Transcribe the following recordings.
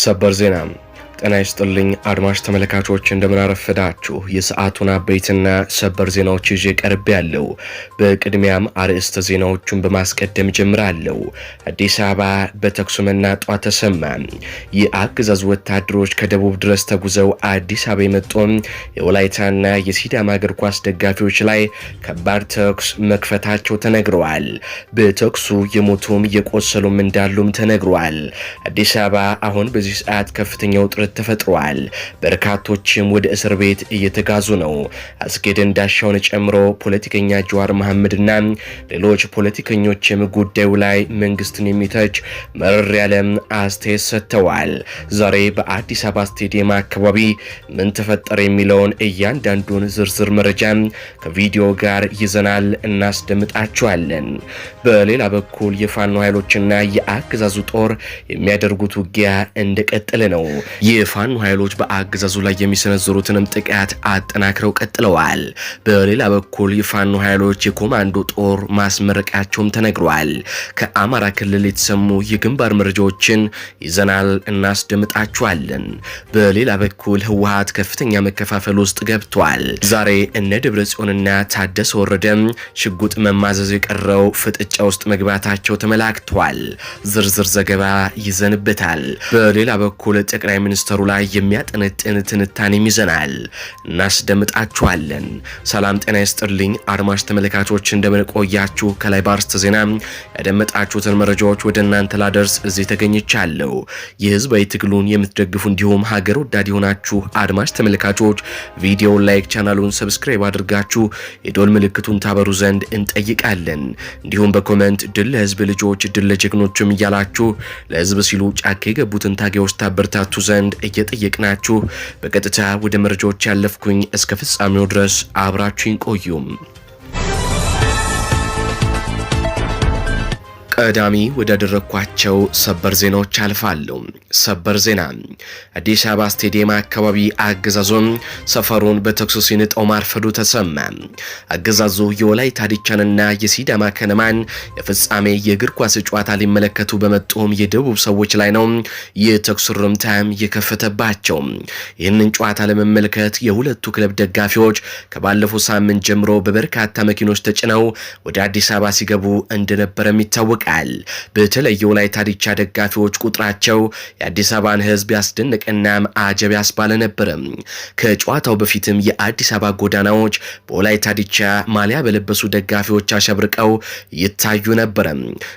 صبر زینم ጤና ይስጥልኝ አድማሽ ተመልካቾች እንደምናረፈዳችሁ የሰዓቱን አበይትና ሰበር ዜናዎች ይዤ ቀርብ ያለው። በቅድሚያም አርዕስተ ዜናዎቹን በማስቀደም ጀምራለሁ። አዲስ አበባ በተኩስ መናጧ ተሰማ። የአገዛዙ ወታደሮች ከደቡብ ድረስ ተጉዘው አዲስ አበባ የመጡም የወላይታና የሲዳማ እግር ኳስ ደጋፊዎች ላይ ከባድ ተኩስ መክፈታቸው ተነግረዋል። በተኩሱ የሞቱም የቆሰሉም እንዳሉም ተነግረዋል። አዲስ አበባ አሁን በዚህ ሰዓት ከፍተኛ ውጥረት ውጥረት ተፈጥሯል። በርካቶችም ወደ እስር ቤት እየተጋዙ ነው። አስጌ እንዳሻውን ጨምሮ ፖለቲከኛ ጀዋር መሐመድና ሌሎች ፖለቲከኞችም ጉዳዩ ላይ መንግስትን የሚተች መረር ያለ አስተያየት ሰጥተዋል። ዛሬ በአዲስ አበባ ስቴዲየም አካባቢ ምን ተፈጠረ የሚለውን እያንዳንዱን ዝርዝር መረጃ ከቪዲዮ ጋር ይዘናል፣ እናስደምጣችኋለን። በሌላ በኩል የፋኖ ኃይሎችና የአገዛዙ ጦር የሚያደርጉት ውጊያ እንደቀጠለ ነው። የፋኖ ኃይሎች በአገዛዙ ላይ የሚሰነዝሩትንም ጥቃት አጠናክረው ቀጥለዋል። በሌላ በኩል የፋኖ ኃይሎች የኮማንዶ ጦር ማስመረቃቸውም ተነግሯል። ከአማራ ክልል የተሰሙ የግንባር መረጃዎችን ይዘናል፣ እናስደምጣችኋለን። በሌላ በኩል ህወሀት ከፍተኛ መከፋፈል ውስጥ ገብቷል። ዛሬ እነ ደብረ ጽዮንና ታደሰ ወረደም ሽጉጥ መማዘዝ የቀረው ፍጥጫ ውስጥ መግባታቸው ተመላክቷል። ዝርዝር ዘገባ ይዘንበታል። በሌላ በኩል ጠቅላይ ሚኒስትር ሚኒስተሩ ላይ የሚያጠነጥን ትንታኔም ይዘናል፣ እናስደምጣችኋለን። ሰላም ጤና ይስጥልኝ አድማጭ ተመልካቾች፣ እንደምንቆያችሁ ከላይ ባርስተ ዜና ያደመጣችሁትን መረጃዎች ወደ እናንተ ላደርስ እዚህ ተገኝቻለሁ። የህዝባዊ ትግሉን የምትደግፉ እንዲሁም ሀገር ወዳድ የሆናችሁ አድማጭ ተመልካቾች ቪዲዮ ላይክ፣ ቻናሉን ሰብስክራይብ አድርጋችሁ የዶል ምልክቱን ታበሩ ዘንድ እንጠይቃለን። እንዲሁም በኮመንት ድል ለህዝብ ልጆች፣ ድል ለጀግኖችም እያላችሁ ለህዝብ ሲሉ ጫካ የገቡትን ታጋዮች ታበርታቱ ዘንድ እየጠየቅናችሁ በቀጥታ ወደ መረጃዎች ያለፍኩኝ፣ እስከ ፍጻሜው ድረስ አብራችሁኝ ቆዩም። ቀዳሚ ወዳደረግኳቸው ሰበር ዜናዎች አልፋለሁ። ሰበር ዜና አዲስ አበባ ስቴዲየም አካባቢ አገዛዙን ሰፈሩን በተኩስ ሲንጠው ማርፈዱ ተሰማ። አገዛዙ የወላይታ ዲቻንና የሲዳማ ከነማን የፍጻሜ የእግር ኳስ ጨዋታ ሊመለከቱ በመጡም የደቡብ ሰዎች ላይ ነው የተኩስ ርምታም የከፈተባቸው። ይህንን ጨዋታ ለመመልከት የሁለቱ ክለብ ደጋፊዎች ከባለፈው ሳምንት ጀምሮ በበርካታ መኪኖች ተጭነው ወደ አዲስ አበባ ሲገቡ እንደነበረም ይታወቃል። ይታወቃል። በተለይ የወላይታ ዲቻ ደጋፊዎች ቁጥራቸው የአዲስ አበባን ህዝብ ያስደንቀና አጀብ ያስባለ ነበርም። ከጨዋታው በፊትም የአዲስ አበባ ጎዳናዎች በወላይታ ዲቻ ማሊያ በለበሱ ደጋፊዎች አሸብርቀው ይታዩ ነበር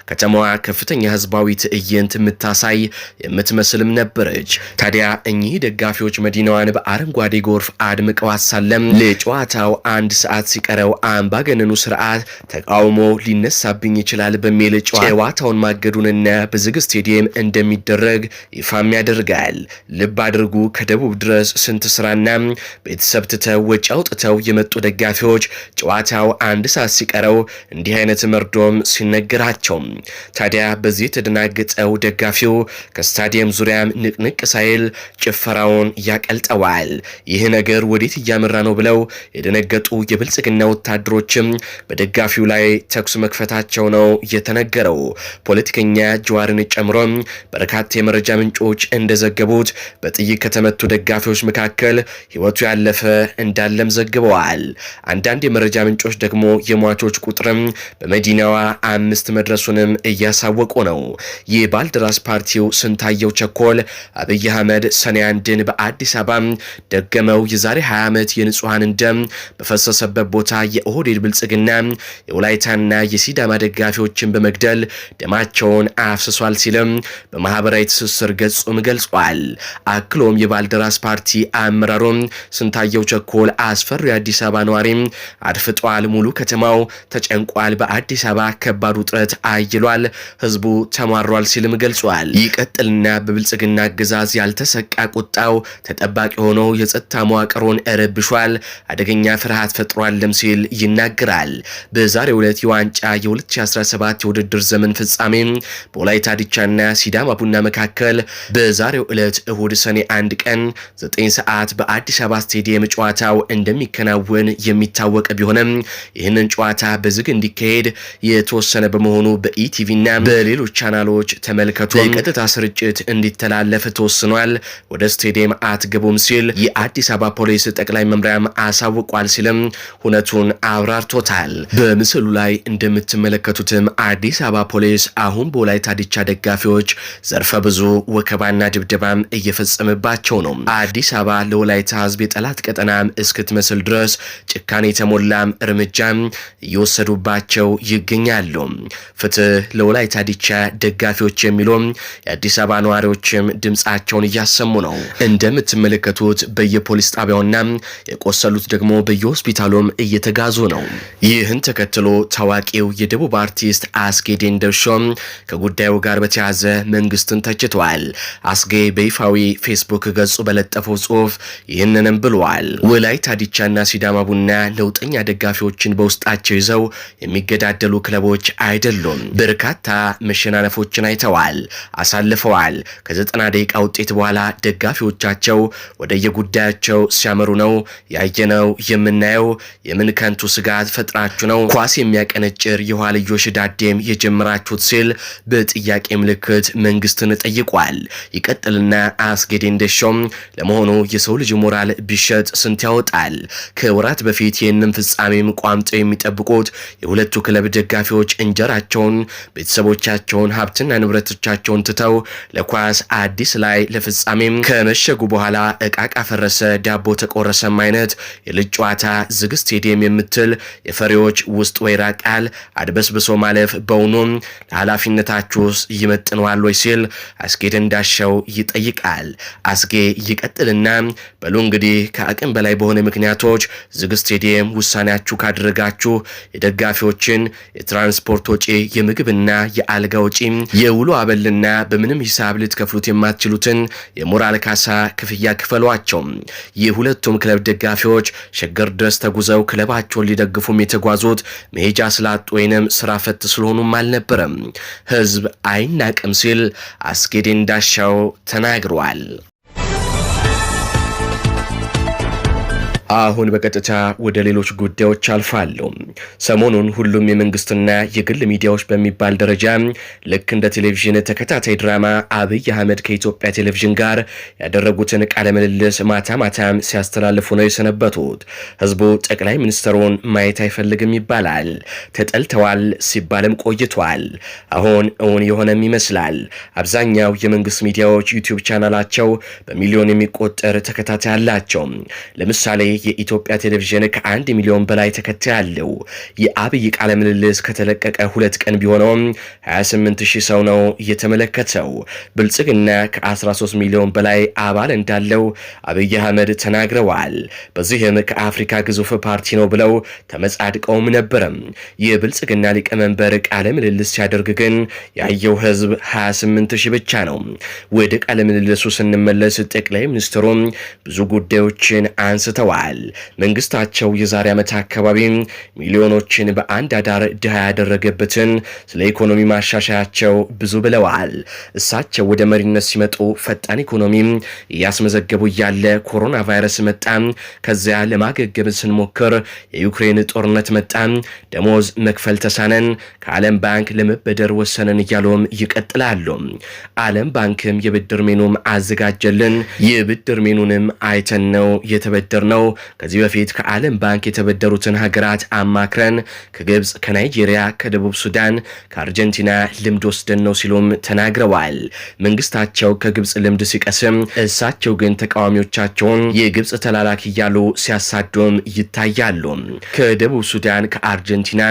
ከተማዋ ከፍተኛ ህዝባዊ ትዕይንት የምታሳይ የምትመስልም ነበረች። ታዲያ እኚህ ደጋፊዎች መዲናዋን በአረንጓዴ ጎርፍ አድምቀው አሳለም። ለጨዋታው አንድ ሰዓት ሲቀረው አምባገነኑ ስርዓት ተቃውሞ ሊነሳብኝ ይችላል በሚል ጨዋ ጨዋታውን ማገዱንና በዝግ ስቴዲየም እንደሚደረግ ይፋም ያደርጋል። ልብ አድርጉ፣ ከደቡብ ድረስ ስንት ስራና ቤተሰብ ትተው ወጪ አውጥተው የመጡ ደጋፊዎች ጨዋታው አንድ ሰዓት ሲቀረው እንዲህ አይነት መርዶም ሲነገራቸው፣ ታዲያ በዚህ የተደናገጠው ደጋፊው ከስታዲየም ዙሪያም ንቅንቅ ሳይል ጭፈራውን ያቀልጠዋል። ይህ ነገር ወዴት እያመራ ነው ብለው የደነገጡ የብልጽግና ወታደሮችም በደጋፊው ላይ ተኩስ መክፈታቸው ነው የተነገረ ተናገረው። ፖለቲከኛ ጀዋርን ጨምሮ በርካታ የመረጃ ምንጮች እንደዘገቡት በጥይት ከተመቱ ደጋፊዎች መካከል ህይወቱ ያለፈ እንዳለም ዘግበዋል። አንዳንድ የመረጃ ምንጮች ደግሞ የሟቾች ቁጥርም በመዲናዋ አምስት መድረሱንም እያሳወቁ ነው። ይህ ባልደራስ ፓርቲው ስንታየው ቸኮል አብይ አህመድ ሰኔ አንድን በአዲስ አበባ ደገመው የዛሬ 20 ዓመት የንጹሐንን ደም በፈሰሰበት ቦታ የኦህዴድ ብልጽግና የውላይታና የሲዳማ ደጋፊዎችን በመግደል መካከል ደማቸውን አፍስሷል ሲልም በማህበራዊ ትስስር ገጹም ገልጿል። አክሎም የባልደራስ ፓርቲ አመራሩም ስንታየው ቸኮል አስፈሪ የአዲስ አበባ ነዋሪም አድፍጧል። ሙሉ ከተማው ተጨንቋል። በአዲስ አበባ ከባድ ውጥረት አይሏል። ህዝቡ ተማሯል ሲልም ገልጿል። ይቀጥልና በብልጽግና አገዛዝ ያልተሰቃ ቁጣው ተጠባቂ ሆኖ የጸጥታ መዋቅሩን እረብሿል አደገኛ ፍርሃት ፈጥሯልም ሲል ይናገራል። በዛሬው ዕለት የዋንጫ የ2017 የውድድር የውድድር ዘመን ፍጻሜ በወላይታ ዲቻና ሲዳማ ቡና መካከል በዛሬው ዕለት እሁድ ሰኔ አንድ ቀን 9 ሰዓት በአዲስ አበባ ስቴዲየም ጨዋታው እንደሚከናወን የሚታወቅ ቢሆንም ይህንን ጨዋታ በዝግ እንዲካሄድ የተወሰነ በመሆኑ በኢቲቪና በሌሎች ቻናሎች ተመልከቱ የቀጥታ ስርጭት እንዲተላለፍ ተወስኗል። ወደ ስቴዲየም አትገቡም ሲል የአዲስ አበባ ፖሊስ ጠቅላይ መምሪያም አሳውቋል ሲልም ሁነቱን አብራርቶታል። በምስሉ ላይ እንደምትመለከቱትም አዲስ አበባ አበባ ፖሊስ አሁን በወላይታ ዲቻ ደጋፊዎች ዘርፈ ብዙ ወከባና ድብደባም እየፈጸመባቸው ነው። አዲስ አበባ ለወላይታ ህዝብ የጠላት ቀጠናም እስክትመስል ድረስ ጭካኔ የተሞላም እርምጃም እየወሰዱባቸው ይገኛሉ። ፍትህ ለወላይታ ዲቻ ደጋፊዎች የሚሉም የአዲስ አበባ ነዋሪዎችም ድምፃቸውን እያሰሙ ነው። እንደምትመለከቱት በየፖሊስ ጣቢያውና የቆሰሉት ደግሞ በየሆስፒታሉም እየተጋዙ ነው። ይህን ተከትሎ ታዋቂው የደቡብ አርቲስት አስጌ ጀማልዲን ደብሾም ከጉዳዩ ጋር በተያያዘ መንግስትን ተችቷል። አስጌ በይፋዊ ፌስቡክ ገጹ በለጠፈው ጽሁፍ ይህንንም ብሏል። ወላይታ ዲቻና ሲዳማ ቡና ለውጠኛ ደጋፊዎችን በውስጣቸው ይዘው የሚገዳደሉ ክለቦች አይደሉም። በርካታ መሸናነፎችን አይተዋል፣ አሳልፈዋል። ከዘጠና ደቂቃ ውጤት በኋላ ደጋፊዎቻቸው ወደየጉዳያቸው ሲያመሩ ነው ያየነው። የምናየው የምን ከንቱ ስጋት ፈጥራችሁ ነው ኳስ የሚያቀነጭር የኋልዮሽ ዳዴም የጀ የጀመራችሁት ሲል በጥያቄ ምልክት መንግስትን ጠይቋል። ይቀጥልና አስጌዴ እንደሾም ለመሆኑ የሰው ልጅ ሞራል ቢሸጥ ስንት ያወጣል? ከወራት በፊት ይህንን ፍጻሜም ቋምጠው የሚጠብቁት የሁለቱ ክለብ ደጋፊዎች እንጀራቸውን፣ ቤተሰቦቻቸውን፣ ሀብትና ንብረቶቻቸውን ትተው ለኳስ አዲስ ላይ ለፍጻሜም ከመሸጉ በኋላ እቃቃ ፈረሰ ዳቦ ተቆረሰም አይነት የልጅ ጨዋታ ዝግ ስቴዲየም የምትል የፈሪዎች ውስጥ ወይራ ቃል አድበስብሶ ማለፍ በውኑ ለኃላፊነታችሁስ ይመጥነዋል ወይ ሲል አስጌ ደንዳሸው ይጠይቃል። አስጌ ይቀጥልና በሉ እንግዲህ ከአቅም በላይ በሆነ ምክንያቶች ዝግ ስቴዲየም ውሳኔያችሁ ካደረጋችሁ የደጋፊዎችን የትራንስፖርት ወጪ፣ የምግብና የአልጋ ወጪ፣ የውሎ አበልና በምንም ሂሳብ ልትከፍሉት የማትችሉትን የሞራል ካሳ ክፍያ ክፈሏቸው። የሁለቱም ክለብ ደጋፊዎች ሸገር ድረስ ተጉዘው ክለባቸውን ሊደግፉም የተጓዙት መሄጃ ስላጡ ወይንም ስራ ፈት ስለሆኑም አልነበ አልነበረም። ህዝብ አይናቅም ሲል አስጌዴ እንዳሻው ተናግሯል። አሁን በቀጥታ ወደ ሌሎች ጉዳዮች አልፋለሁ። ሰሞኑን ሁሉም የመንግስትና የግል ሚዲያዎች በሚባል ደረጃ ልክ እንደ ቴሌቪዥን ተከታታይ ድራማ አብይ አህመድ ከኢትዮጵያ ቴሌቪዥን ጋር ያደረጉትን ቃለ ምልልስ ማታ ማታም ሲያስተላልፉ ነው የሰነበቱት። ህዝቡ ጠቅላይ ሚኒስትሩን ማየት አይፈልግም ይባላል። ተጠልተዋል ሲባልም ቆይቷል። አሁን እውን የሆነም ይመስላል። አብዛኛው የመንግስት ሚዲያዎች ዩቲዩብ ቻናላቸው በሚሊዮን የሚቆጠር ተከታታይ አላቸው። ለምሳሌ የኢትዮጵያ ቴሌቪዥን ከአንድ ሚሊዮን በላይ ተከታይ አለው። የአብይ ቃለ ምልልስ ከተለቀቀ ሁለት ቀን ቢሆነውም 28 ሺህ ሰው ነው የተመለከተው። ብልጽግና ከ13 ሚሊዮን በላይ አባል እንዳለው አብይ አህመድ ተናግረዋል። በዚህም ከአፍሪካ ግዙፍ ፓርቲ ነው ብለው ተመጻድቀውም ነበረም። የብልጽግና ሊቀመንበር ቃለ ምልልስ ሲያደርግ ግን ያየው ህዝብ 28 ሺህ ብቻ ነው። ወደ ቃለ ምልልሱ ስንመለስ ጠቅላይ ሚኒስትሩም ብዙ ጉዳዮችን አንስተዋል። ተናግረዋል። መንግስታቸው የዛሬ ዓመት አካባቢ ሚሊዮኖችን በአንድ አዳር ድሃ ያደረገበትን ስለ ኢኮኖሚ ማሻሻያቸው ብዙ ብለዋል። እሳቸው ወደ መሪነት ሲመጡ ፈጣን ኢኮኖሚ እያስመዘገቡ እያለ ኮሮና ቫይረስ መጣ። ከዚያ ለማገገብ ስንሞክር የዩክሬን ጦርነት መጣ። ደሞዝ መክፈል ተሳነን፣ ከዓለም ባንክ ለመበደር ወሰንን እያሉም ይቀጥላሉ። ዓለም ባንክም የብድር ሜኑም አዘጋጀልን። የብድር ሜኑንም አይተን ነው የተበደር ነው ከዚህ በፊት ከዓለም ባንክ የተበደሩትን ሀገራት አማክረን ከግብፅ፣ ከናይጄሪያ፣ ከደቡብ ሱዳን፣ ከአርጀንቲና ልምድ ወስደን ነው ሲሉም ተናግረዋል። መንግስታቸው ከግብፅ ልምድ ሲቀስም፣ እሳቸው ግን ተቃዋሚዎቻቸውን የግብፅ ተላላኪ እያሉ ሲያሳዱም ይታያሉ። ከደቡብ ሱዳን፣ ከአርጀንቲና፣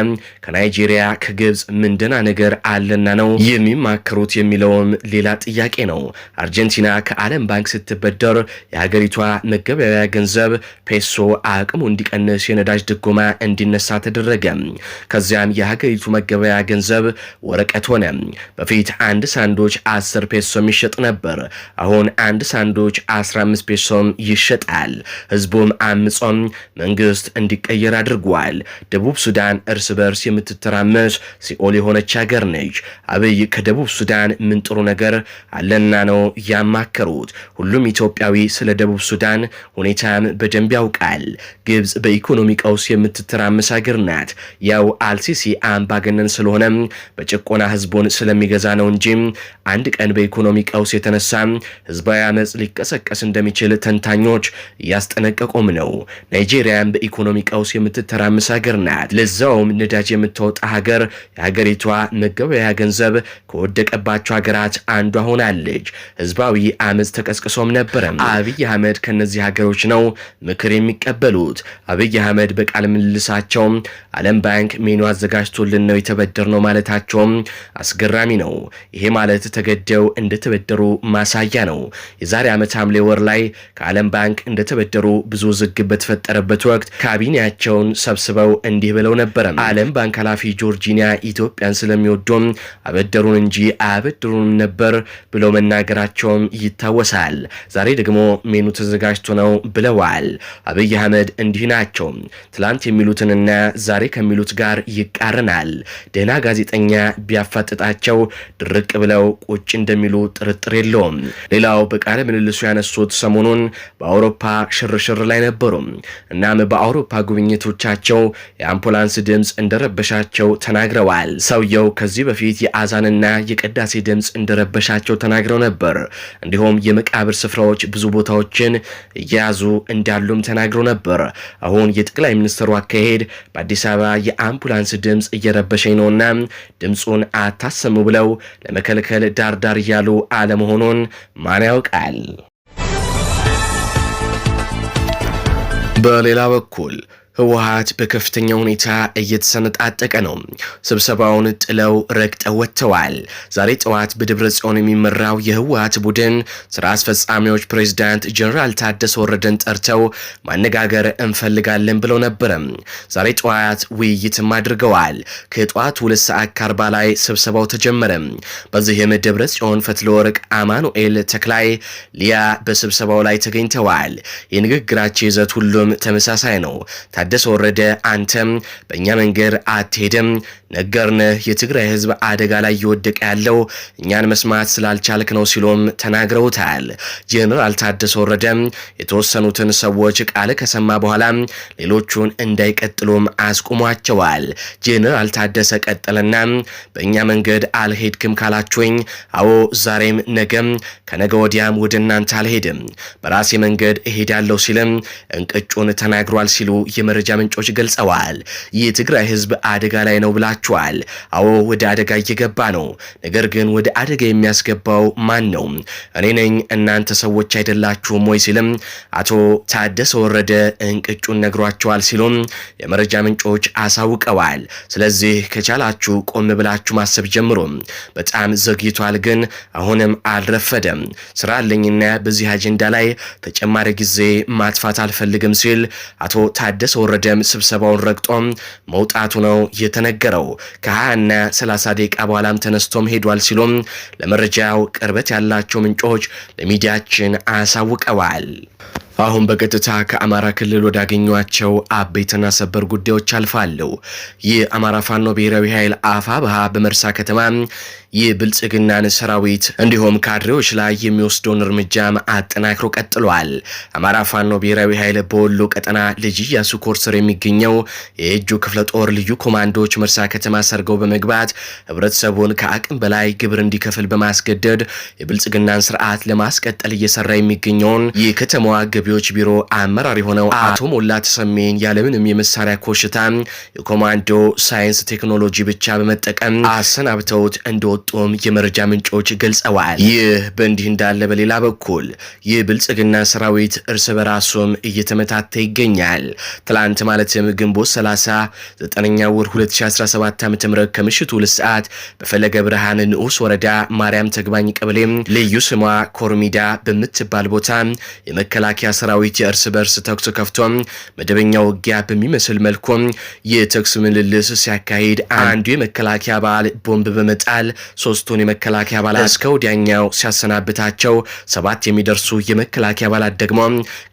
ከናይጄሪያ፣ ከግብፅ ምንድና ነገር አለና ነው የሚማከሩት የሚለውም ሌላ ጥያቄ ነው። አርጀንቲና ከዓለም ባንክ ስትበደር የሀገሪቷ መገበያያ ገንዘብ ፔሶ አቅሙ እንዲቀንስ የነዳጅ ድጎማ እንዲነሳ ተደረገ። ከዚያም የሀገሪቱ መገበያ ገንዘብ ወረቀት ሆነ። በፊት አንድ ሳንዶች 10 ፔሶም ይሸጥ ነበር። አሁን አንድ ሳንዶች 15 ፔሶም ይሸጣል። ህዝቡም አምጾም መንግስት እንዲቀየር አድርጓል። ደቡብ ሱዳን እርስ በርስ የምትተራመስ ሲኦል የሆነች ሀገር ነች። አብይ ከደቡብ ሱዳን ምን ጥሩ ነገር አለና ነው ያማከሩት? ሁሉም ኢትዮጵያዊ ስለ ደቡብ ሱዳን ሁኔታም በደንብ ያውቃል። ግብጽ በኢኮኖሚ ቀውስ የምትተራመስ ሀገር ናት። ያው አልሲሲ አምባገነን ስለሆነ በጭቆና ህዝቡን ስለሚገዛ ነው እንጂ አንድ ቀን በኢኮኖሚ ቀውስ የተነሳ ህዝባዊ አመፅ ሊቀሰቀስ እንደሚችል ተንታኞች እያስጠነቀቁም ነው። ናይጄሪያም በኢኮኖሚ ቀውስ የምትተራመስ ሀገር ናት። ለዛውም ነዳጅ የምታወጣ ሀገር የሀገሪቷ መገበያያ ገንዘብ ከወደቀባቸው ሀገራት አንዷ ሆናለች። ህዝባዊ አመፅ ተቀስቅሶም ነበረ። አብይ አህመድ ከነዚህ ሀገሮች ነው ምክር ነበር የሚቀበሉት። አብይ አህመድ በቃለ ምልልሳቸው ዓለም ባንክ ሜኑ አዘጋጅቶልን ነው የተበደር ነው ማለታቸውም አስገራሚ ነው። ይሄ ማለት ተገደው እንደተበደሩ ማሳያ ነው። የዛሬ ዓመት ሐምሌ ወር ላይ ከዓለም ባንክ እንደተበደሩ ብዙ ዝግብ በተፈጠረበት ወቅት ካቢኔያቸውን ሰብስበው እንዲህ ብለው ነበረ። ዓለም ባንክ ኃላፊ ጆርጂኒያ ኢትዮጵያን ስለሚወዱም አበደሩን እንጂ አያበድሩንም ነበር ብለው መናገራቸውም ይታወሳል። ዛሬ ደግሞ ሜኑ ተዘጋጅቶ ነው ብለዋል። አብይ አህመድ እንዲህ ናቸው። ትላንት የሚሉትንና ዛሬ ከሚሉት ጋር ይቃረናል። ደህና ጋዜጠኛ ቢያፋጥጣቸው ድርቅ ብለው ቁጭ እንደሚሉ ጥርጥር የለውም። ሌላው በቃለ ምልልሱ ያነሱት ሰሞኑን በአውሮፓ ሽርሽር ላይ ነበሩ። እናም በአውሮፓ ጉብኝቶቻቸው የአምቡላንስ ድምፅ እንደረበሻቸው ተናግረዋል። ሰውየው ከዚህ በፊት የአዛንና የቅዳሴ ድምፅ እንደረበሻቸው ተናግረው ነበር። እንዲሁም የመቃብር ስፍራዎች ብዙ ቦታዎችን እየያዙ እንዳሉም ተናግሮ ነበር። አሁን የጠቅላይ ሚኒስትሩ አካሄድ በአዲስ አበባ የአምቡላንስ ድምፅ እየረበሸኝ ነውና ድምፁን አታሰሙ ብለው ለመከልከል ዳርዳር እያሉ አለመሆኑን ማን ያውቃል? በሌላ በኩል ህወሀት በከፍተኛ ሁኔታ እየተሰነጣጠቀ ነው። ስብሰባውን ጥለው ረግጠው ወጥተዋል። ዛሬ ጠዋት በደብረ ጽዮን የሚመራው የህወሀት ቡድን ስራ አስፈጻሚዎች ፕሬዚዳንት ጀኔራል ታደሰ ወረደን ጠርተው ማነጋገር እንፈልጋለን ብለው ነበረ። ዛሬ ጠዋት ውይይትም አድርገዋል። ከጠዋት ሁለት ሰዓት ከአርባ ላይ ስብሰባው ተጀመረ። በዚህም ደብረ ጽዮን ፈትለ ወርቅ፣ አማኑኤል ተክላይ፣ ሊያ በስብሰባው ላይ ተገኝተዋል። የንግግራቸው ይዘት ሁሉም ተመሳሳይ ነው። ታደሰ ወረደ አንተም በእኛ መንገድ አትሄድም ነገርንህ የትግራይ ህዝብ አደጋ ላይ እየወደቀ ያለው እኛን መስማት ስላልቻልክ ነው ሲሉም ተናግረውታል። ጄኔራል ታደሰ ወረደም የተወሰኑትን ሰዎች ቃል ከሰማ በኋላ ሌሎቹን እንዳይቀጥሉም አስቁሟቸዋል። ጄኔራል ታደሰ ቀጠለና በእኛ መንገድ አልሄድክም ካላችሁኝ፣ አዎ ዛሬም ነገም ከነገ ወዲያም ወደ እናንተ አልሄድም በራሴ መንገድ እሄዳለሁ ሲልም እንቅጩን ተናግሯል ሲሉ የመረጃ ምንጮች ገልጸዋል። የትግራይ ህዝብ አደጋ ላይ ነው ብላ ይመስላችኋል? አዎ ወደ አደጋ እየገባ ነው። ነገር ግን ወደ አደጋ የሚያስገባው ማን ነው? እኔ ነኝ እናንተ ሰዎች አይደላችሁም ወይ? ሲልም አቶ ታደሰ ወረደ እንቅጩን ነግሯቸዋል ሲሉም የመረጃ ምንጮች አሳውቀዋል። ስለዚህ ከቻላችሁ ቆም ብላችሁ ማሰብ ጀምሮ በጣም ዘግይቷል፣ ግን አሁንም አልረፈደም። ስራ አለኝና በዚህ አጀንዳ ላይ ተጨማሪ ጊዜ ማጥፋት አልፈልግም ሲል አቶ ታደሰ ወረደም ስብሰባውን ረግጦም መውጣቱ ነው የተነገረው። ከ20 እና 30 ደቂቃ በኋላም ተነስቶም ሄዷል ሲሉም ለመረጃው ቅርበት ያላቸው ምንጮች ለሚዲያችን አሳውቀዋል። አሁን በቀጥታ ከአማራ ክልል ወዳገኟቸው አበይትና ሰበር ጉዳዮች አልፋለሁ። የአማራ ፋኖ ብሔራዊ ኃይል አፋብሃ በመርሳ ከተማ የብልጽግናን ሰራዊት እንዲሁም ካድሬዎች ላይ የሚወስደውን እርምጃ አጠናክሮ ቀጥሏል። አማራ ፋኖ ብሔራዊ ኃይል በወሎ ቀጠና ልጅ ኢያሱ የሚገኘው የእጁ ክፍለ ጦር ልዩ ኮማንዶዎች መርሳ ከተማ ሰርገው በመግባት ህብረተሰቡን ከአቅም በላይ ግብር እንዲከፍል በማስገደድ የብልጽግናን ስርዓት ለማስቀጠል እየሰራ የሚገኘውን የከተማዋ ገቢ ገቢዎች ቢሮ አመራር የሆነው አቶ ሞላ ተሰሜን ያለምንም የመሳሪያ ኮሽታ የኮማንዶ ሳይንስ ቴክኖሎጂ ብቻ በመጠቀም አሰናብተውት እንደወጡም የመረጃ ምንጮች ገልጸዋል። ይህ በእንዲህ እንዳለ በሌላ በኩል ይህ ብልጽግና ሰራዊት እርስ በራሱም እየተመታተ ይገኛል። ትላንት ማለትም ግንቦት 30 9 ወር 2017 ዓ ም ከምሽቱ ሁለት ሰዓት በፈለገ ብርሃን ንዑስ ወረዳ ማርያም ተግባኝ ቀበሌም ልዩ ስሟ ኮርሚዳ በምትባል ቦታ የመከላከያ ሰራዊት የእርስ በርስ ተኩስ ከፍቶ መደበኛ ውጊያ በሚመስል መልኩ የተኩስ ምልልስ ሲያካሂድ አንዱ የመከላከያ አባል ቦምብ በመጣል ሶስቱን የመከላከያ አባላት እስከ ወዲያኛው ሲያሰናብታቸው ሰባት የሚደርሱ የመከላከያ አባላት ደግሞ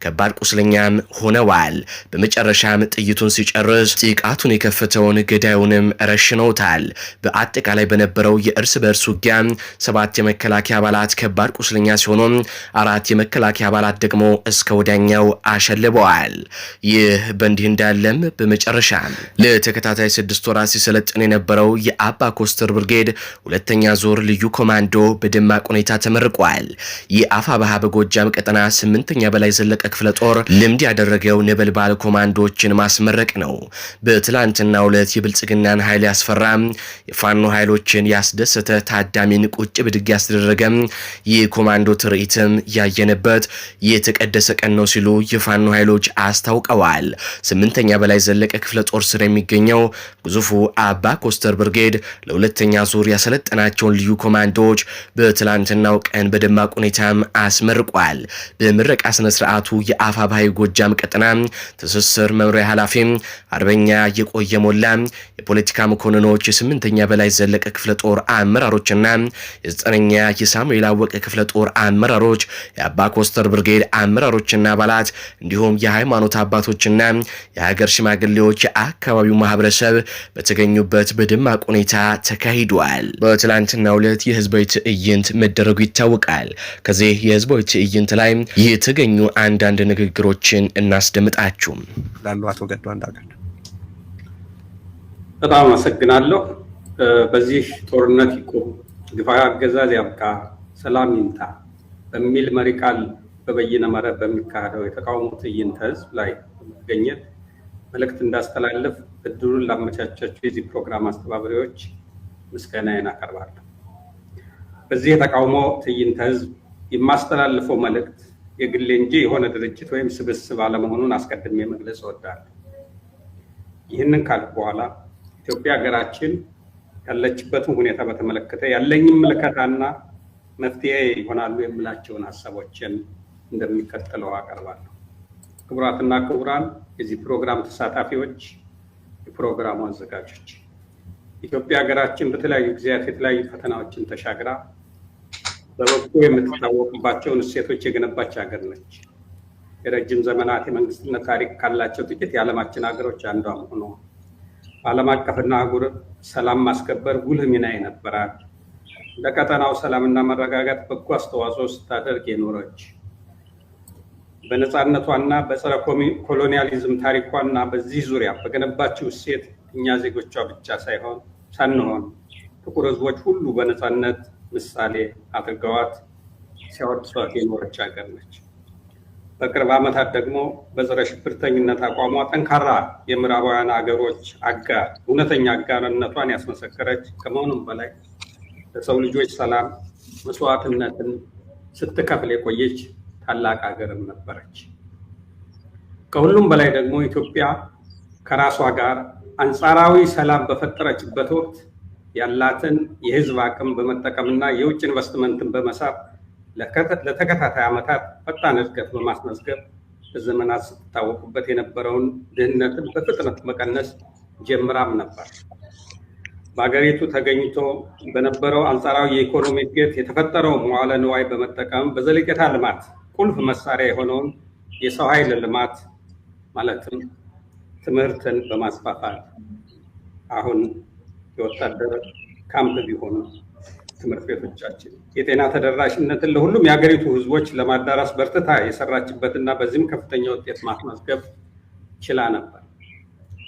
ከባድ ቁስለኛም ሆነዋል። በመጨረሻም ጥይቱን ሲጨርስ ጥቃቱን የከፈተውን ገዳዩንም ረሽነውታል። በአጠቃላይ በነበረው የእርስ በእርስ ውጊያ ሰባት የመከላከያ አባላት ከባድ ቁስለኛ ሲሆኑ አራት የመከላከያ አባላት ደግሞ እስከ እስከ ወዲያኛው አሸልበዋል። ይህ በእንዲህ እንዳለም በመጨረሻ ለተከታታይ ስድስት ወራት ሲሰለጥን የነበረው የአባ ኮስተር ብርጌድ ሁለተኛ ዙር ልዩ ኮማንዶ በደማቅ ሁኔታ ተመርቋል። የአፋ ባሃ በጎጃም ቀጠና ስምንተኛ በላይ ዘለቀ ክፍለ ጦር ልምድ ያደረገው ነበልባል ኮማንዶዎችን ማስመረቅ ነው። በትላንትና ሁለት የብልጽግናን ኃይል ያስፈራም የፋኖ ኃይሎችን ያስደሰተ ታዳሚን ቁጭ ብድግ ያስደረገም የኮማንዶ ትርኢትም ያየነበት የተቀደሰ ቀን ነው ሲሉ የፋኖ ኃይሎች አስታውቀዋል። ስምንተኛ በላይ ዘለቀ ክፍለ ጦር ስር የሚገኘው ግዙፉ አባ ኮስተር ብርጌድ ለሁለተኛ ዙር ያሰለጠናቸውን ልዩ ኮማንዶዎች በትላንትናው ቀን በደማቅ ሁኔታም አስመርቋል። በምረቃ ስነ ስርዓቱ የአፋ ባህይ ጎጃም ቀጠና ትስስር መምሪያ ኃላፊ አርበኛ የቆየ ሞላ፣ የፖለቲካ መኮንኖች፣ የስምንተኛ በላይ ዘለቀ ክፍለ ጦር አመራሮችና የዘጠነኛ የሳሙኤል አወቀ ክፍለ ጦር አመራሮች፣ የአባ ኮስተር ብርጌድ አመራሮች መሪዎችና አባላት እንዲሁም የሃይማኖት አባቶችና የሀገር ሽማግሌዎች የአካባቢው ማህበረሰብ በተገኙበት በደማቅ ሁኔታ ተካሂዷል። በትላንትናው ዕለት የህዝባዊ ትዕይንት መደረጉ ይታወቃል። ከዚህ የህዝባዊ ትዕይንት ላይ የተገኙ አንዳንድ ንግግሮችን እናስደምጣችሁ። ላሉ አቶ ገዱ አንዳርጋቸው በጣም አመሰግናለሁ። በዚህ ጦርነት ይቁም፣ ግፋ አገዛዝ ያብቃ፣ ሰላም ይምጣ በሚል መሪ ቃል በበይነ መረብ በሚካሄደው የተቃውሞ ትዕይንተ ህዝብ ላይ በመገኘት መልእክት እንዳስተላልፍ እድሉን ላመቻቻቸው የዚህ ፕሮግራም አስተባባሪዎች ምስጋናዬን አቀርባለሁ። በዚህ የተቃውሞ ትዕይንተ ህዝብ የማስተላልፈው መልእክት የግሌ እንጂ የሆነ ድርጅት ወይም ስብስብ አለመሆኑን አስቀድሜ መግለጽ እወዳለሁ። ይህንን ካልኩ በኋላ ኢትዮጵያ ሀገራችን ያለችበትን ሁኔታ በተመለከተ ያለኝ ምልከታና መፍትሄ ይሆናሉ የምላቸውን ሀሳቦችን እንደሚከተለው አቀርባለሁ። ክቡራትና ክቡራን፣ የዚህ ፕሮግራም ተሳታፊዎች፣ የፕሮግራሙ አዘጋጆች፣ ኢትዮጵያ ሀገራችን በተለያዩ ጊዜያት የተለያዩ ፈተናዎችን ተሻግራ በበጎ የምትታወቅባቸውን እሴቶች የገነባች ሀገር ነች። የረጅም ዘመናት የመንግስትነት ታሪክ ካላቸው ጥቂት የዓለማችን ሀገሮች አንዷ መሆኗ በዓለም አቀፍና አህጉር ሰላም ማስከበር ጉልህ ሚና የነበራት ለቀጠናው ሰላምና መረጋጋት በጎ አስተዋጽኦ ስታደርግ የኖረች በነፃነቷና በጸረ ኮሎኒያሊዝም ታሪኳና በዚህ ዙሪያ በገነባችው እሴት እኛ ዜጎቿ ብቻ ሳይሆን ሳንሆን ጥቁር ህዝቦች ሁሉ በነፃነት ምሳሌ አድርገዋት ሲያወድሷት የኖረች ሀገር ነች። በቅርብ ዓመታት ደግሞ በጸረ ሽብርተኝነት አቋሟ ጠንካራ የምዕራባውያን ሀገሮች አጋር እውነተኛ አጋርነቷን ያስመሰከረች ከመሆኑም በላይ ለሰው ልጆች ሰላም መስዋዕትነትን ስትከፍል የቆየች ታላቅ ሀገርም ነበረች። ከሁሉም በላይ ደግሞ ኢትዮጵያ ከራሷ ጋር አንጻራዊ ሰላም በፈጠረችበት ወቅት ያላትን የህዝብ አቅም በመጠቀምና የውጭ ኢንቨስትመንትን በመሳብ ለተከታታይ ዓመታት ፈጣን እድገት በማስመዝገብ በዘመናት ስትታወቁበት የነበረውን ድህነትን በፍጥነት መቀነስ ጀምራም ነበር። በሀገሪቱ ተገኝቶ በነበረው አንጻራዊ የኢኮኖሚ እድገት የተፈጠረው መዋለ ንዋይ በመጠቀም በዘለቄታ ልማት ቁልፍ መሳሪያ የሆነውን የሰው ኃይል ልማት ማለትም ትምህርትን በማስፋፋት አሁን የወታደር ካምፕ ቢሆኑ ትምህርት ቤቶቻችን የጤና ተደራሽነትን ለሁሉም የሀገሪቱ ሕዝቦች ለማዳረስ በርትታ የሰራችበትና በዚህም ከፍተኛ ውጤት ማስመዝገብ ችላ ነበር።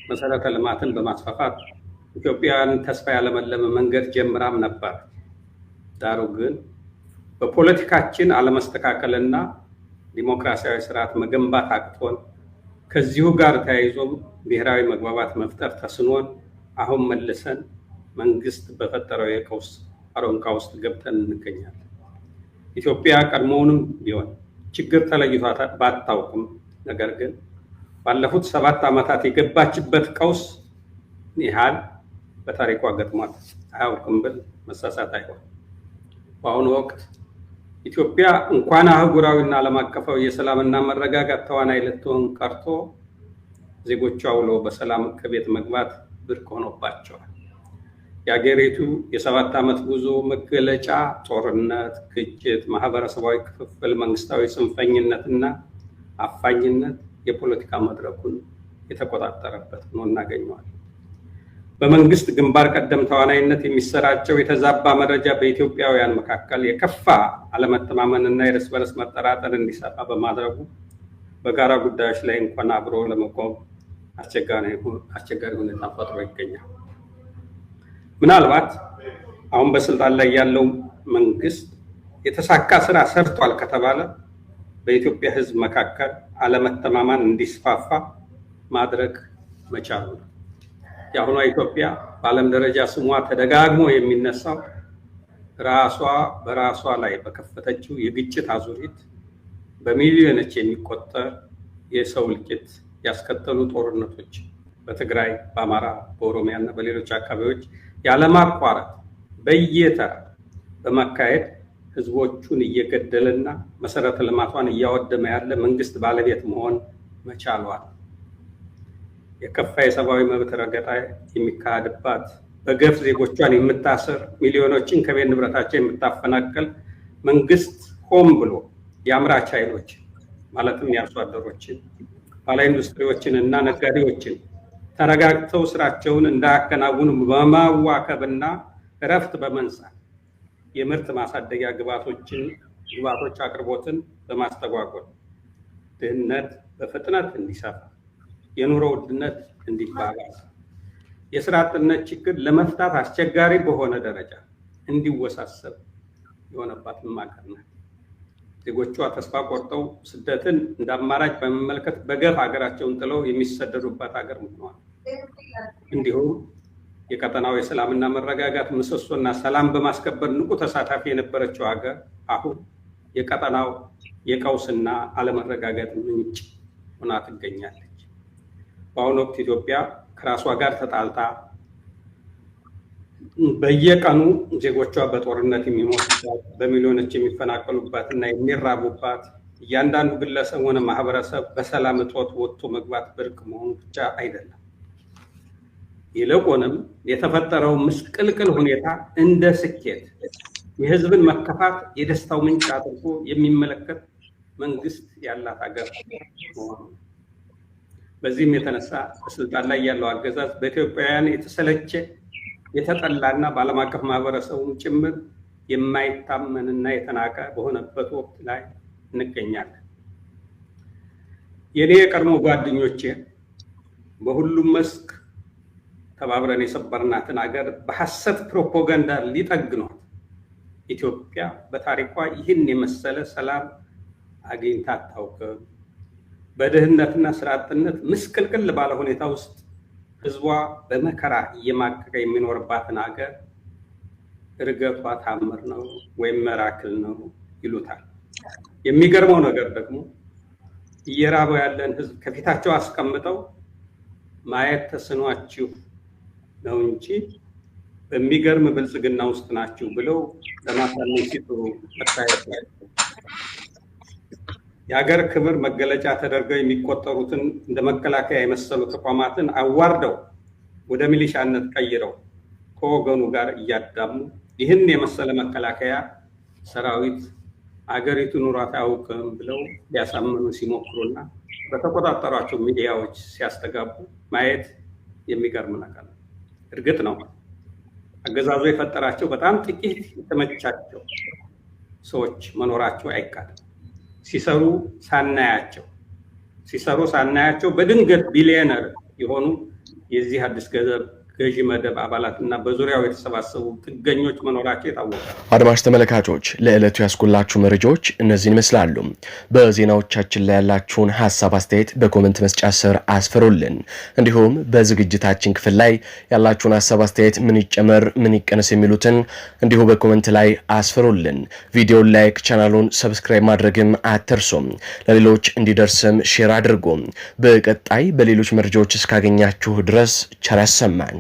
መሰረተ ልማትን በማስፋፋት ኢትዮጵያን ተስፋ ያለመለመ መንገድ ጀምራም ነበር። ዳሩ ግን በፖለቲካችን አለመስተካከልና ዲሞክራሲያዊ ስርዓት መገንባት አቅቶን ከዚሁ ጋር ተያይዞም ብሔራዊ መግባባት መፍጠር ተስኖን አሁን መልሰን መንግስት በፈጠረው የቀውስ አረንቋ ውስጥ ገብተን እንገኛለን። ኢትዮጵያ ቀድሞውንም ቢሆን ችግር ተለይቷ ባታውቅም፣ ነገር ግን ባለፉት ሰባት ዓመታት የገባችበት ቀውስ ያህል በታሪኳ ገጥሟት አያውቅም ብል መሳሳት አይሆን። በአሁኑ ወቅት ኢትዮጵያ እንኳን አህጉራዊና ዓለም አቀፋዊ የሰላምና መረጋጋት ተዋናይ ልትሆን ቀርቶ ዜጎቿ ውሎ በሰላም ከቤት መግባት ብርቅ ሆኖባቸዋል። የአገሪቱ የሰባት ዓመት ጉዞ መገለጫ ጦርነት፣ ግጭት፣ ማህበረሰባዊ ክፍፍል፣ መንግስታዊ ጽንፈኝነትና አፋኝነት የፖለቲካ መድረኩን የተቆጣጠረበት ሆኖ እናገኘዋለን። በመንግስት ግንባር ቀደም ተዋናይነት የሚሰራጨው የተዛባ መረጃ በኢትዮጵያውያን መካከል የከፋ አለመተማመንና የእርስ በርስ መጠራጠር እንዲሰፋ በማድረጉ በጋራ ጉዳዮች ላይ እንኳን አብሮ ለመቆም አስቸጋሪ ሁኔታ ፈጥሮ ይገኛል። ምናልባት አሁን በስልጣን ላይ ያለው መንግስት የተሳካ ስራ ሰርቷል ከተባለ በኢትዮጵያ ሕዝብ መካከል አለመተማመን እንዲስፋፋ ማድረግ መቻሉ ነው። የአሁኗ ኢትዮጵያ በዓለም ደረጃ ስሟ ተደጋግሞ የሚነሳው ራሷ በራሷ ላይ በከፈተችው የግጭት አዙሪት በሚሊዮኖች የሚቆጠር የሰው እልቂት ያስከተሉ ጦርነቶች በትግራይ፣ በአማራ፣ በኦሮሚያ እና በሌሎች አካባቢዎች ያለማቋረጥ በየተራ በማካሄድ ህዝቦቹን እየገደለና መሰረተ ልማቷን እያወደመ ያለ መንግስት ባለቤት መሆን መቻሏል። የከፋ የሰብአዊ መብት ረገጣ የሚካሄድባት፣ በገፍ ዜጎቿን የምታስር፣ ሚሊዮኖችን ከቤት ንብረታቸው የምታፈናቀል መንግስት ሆም ብሎ የአምራች ኃይሎች ማለትም የአርሶ አደሮችን፣ ባለ ኢንዱስትሪዎችን እና ነጋዴዎችን ተረጋግተው ስራቸውን እንዳያከናውኑ በማዋከብና እረፍት በመንሳት የምርት ማሳደጊያ ግባቶችን ግባቶች አቅርቦትን በማስተጓጎል ድህነት በፍጥነት እንዲሰፋ የኑሮ ውድነት እንዲባባስ የስራ አጥነት ችግር ለመፍታት አስቸጋሪ በሆነ ደረጃ እንዲወሳሰብ የሆነባት ሀገር ናት። ዜጎቿ ተስፋ ቆርጠው ስደትን እንደ አማራጭ በመመልከት በገፍ ሀገራቸውን ጥለው የሚሰደዱባት ሀገር ሆኗል። እንዲሁም የቀጠናው የሰላምና መረጋጋት ምሰሶና ሰላም በማስከበር ንቁ ተሳታፊ የነበረችው ሀገር አሁን የቀጠናው የቀውስና አለመረጋጋት ምንጭ ሆና ትገኛለች። በአሁኑ ወቅት ኢትዮጵያ ከራሷ ጋር ተጣልታ በየቀኑ ዜጎቿ በጦርነት የሚሞቱባት በሚሊዮኖች የሚፈናቀሉባት እና የሚራቡባት እያንዳንዱ ግለሰብ ሆነ ማህበረሰብ በሰላም እጦት ወጥቶ መግባት ብርቅ መሆኑ ብቻ አይደለም። ይልቁንም የተፈጠረው ምስቅልቅል ሁኔታ እንደ ስኬት የህዝብን መከፋት የደስታው ምንጭ አድርጎ የሚመለከት መንግስት ያላት ሀገር መሆኑ በዚህም የተነሳ በስልጣን ላይ ያለው አገዛዝ በኢትዮጵያውያን የተሰለቸ የተጠላና በዓለም አቀፍ ማህበረሰቡም ጭምር የማይታመንና የተናቀ በሆነበት ወቅት ላይ እንገኛለን። የእኔ የቀድሞ ጓደኞቼ በሁሉም መስክ ተባብረን የሰበርናትን ሀገር በሐሰት ፕሮፓጋንዳ ሊጠግኗት ኢትዮጵያ በታሪኳ ይህን የመሰለ ሰላም አግኝታ አታውቅም በድህነትና ስራ አጥነት ምስቅልቅል ባለ ሁኔታ ውስጥ ህዝቧ በመከራ እየማቀቀ የሚኖርባትን ሀገር እርገቷ ታምር ነው ወይም መራክል ነው ይሉታል። የሚገርመው ነገር ደግሞ እየራበው ያለን ህዝብ ከፊታቸው አስቀምጠው ማየት ተስኗችሁ ነው እንጂ በሚገርም ብልጽግና ውስጥ ናችሁ ብለው ለማሳመን ሲጥሩ መታየት የአገር ክብር መገለጫ ተደርገው የሚቆጠሩትን እንደ መከላከያ የመሰሉ ተቋማትን አዋርደው ወደ ሚሊሻነት ቀይረው ከወገኑ ጋር እያዳሙ ይህን የመሰለ መከላከያ ሰራዊት አገሪቱ ኑሯት አያውቅም ብለው ሊያሳምኑ ሲሞክሩና በተቆጣጠሯቸው ሚዲያዎች ሲያስተጋቡ ማየት የሚገርም ነገር ነው። እርግጥ ነው አገዛዙ የፈጠራቸው በጣም ጥቂት የተመቻቸው ሰዎች መኖራቸው አይካድም። ሲሰሩ ሳናያቸው ሲሰሩ ሳናያቸው በድንገት ቢሊዮነር የሆኑ የዚህ አዲስ ገንዘብ ገዢ መደብ አባላት እና በዙሪያው የተሰባሰቡ ጥገኞች መኖራቸው የታወቀ። አድማሽ ተመልካቾች ለዕለቱ ያስኩላችሁ መረጃዎች እነዚህን ይመስላሉ። በዜናዎቻችን ላይ ያላችሁን ሀሳብ አስተያየት በኮመንት መስጫ ስር አስፈሩልን። እንዲሁም በዝግጅታችን ክፍል ላይ ያላችሁን ሀሳብ አስተያየት፣ ምን ይጨመር ምን ይቀነስ የሚሉትን እንዲሁ በኮመንት ላይ አስፈሩልን። ቪዲዮን ላይክ፣ ቻናሉን ሰብስክራይብ ማድረግም አትርሱም። ለሌሎች እንዲደርስም ሼር አድርጉ። በቀጣይ በሌሎች መረጃዎች እስካገኛችሁ ድረስ ቸር ያሰማን።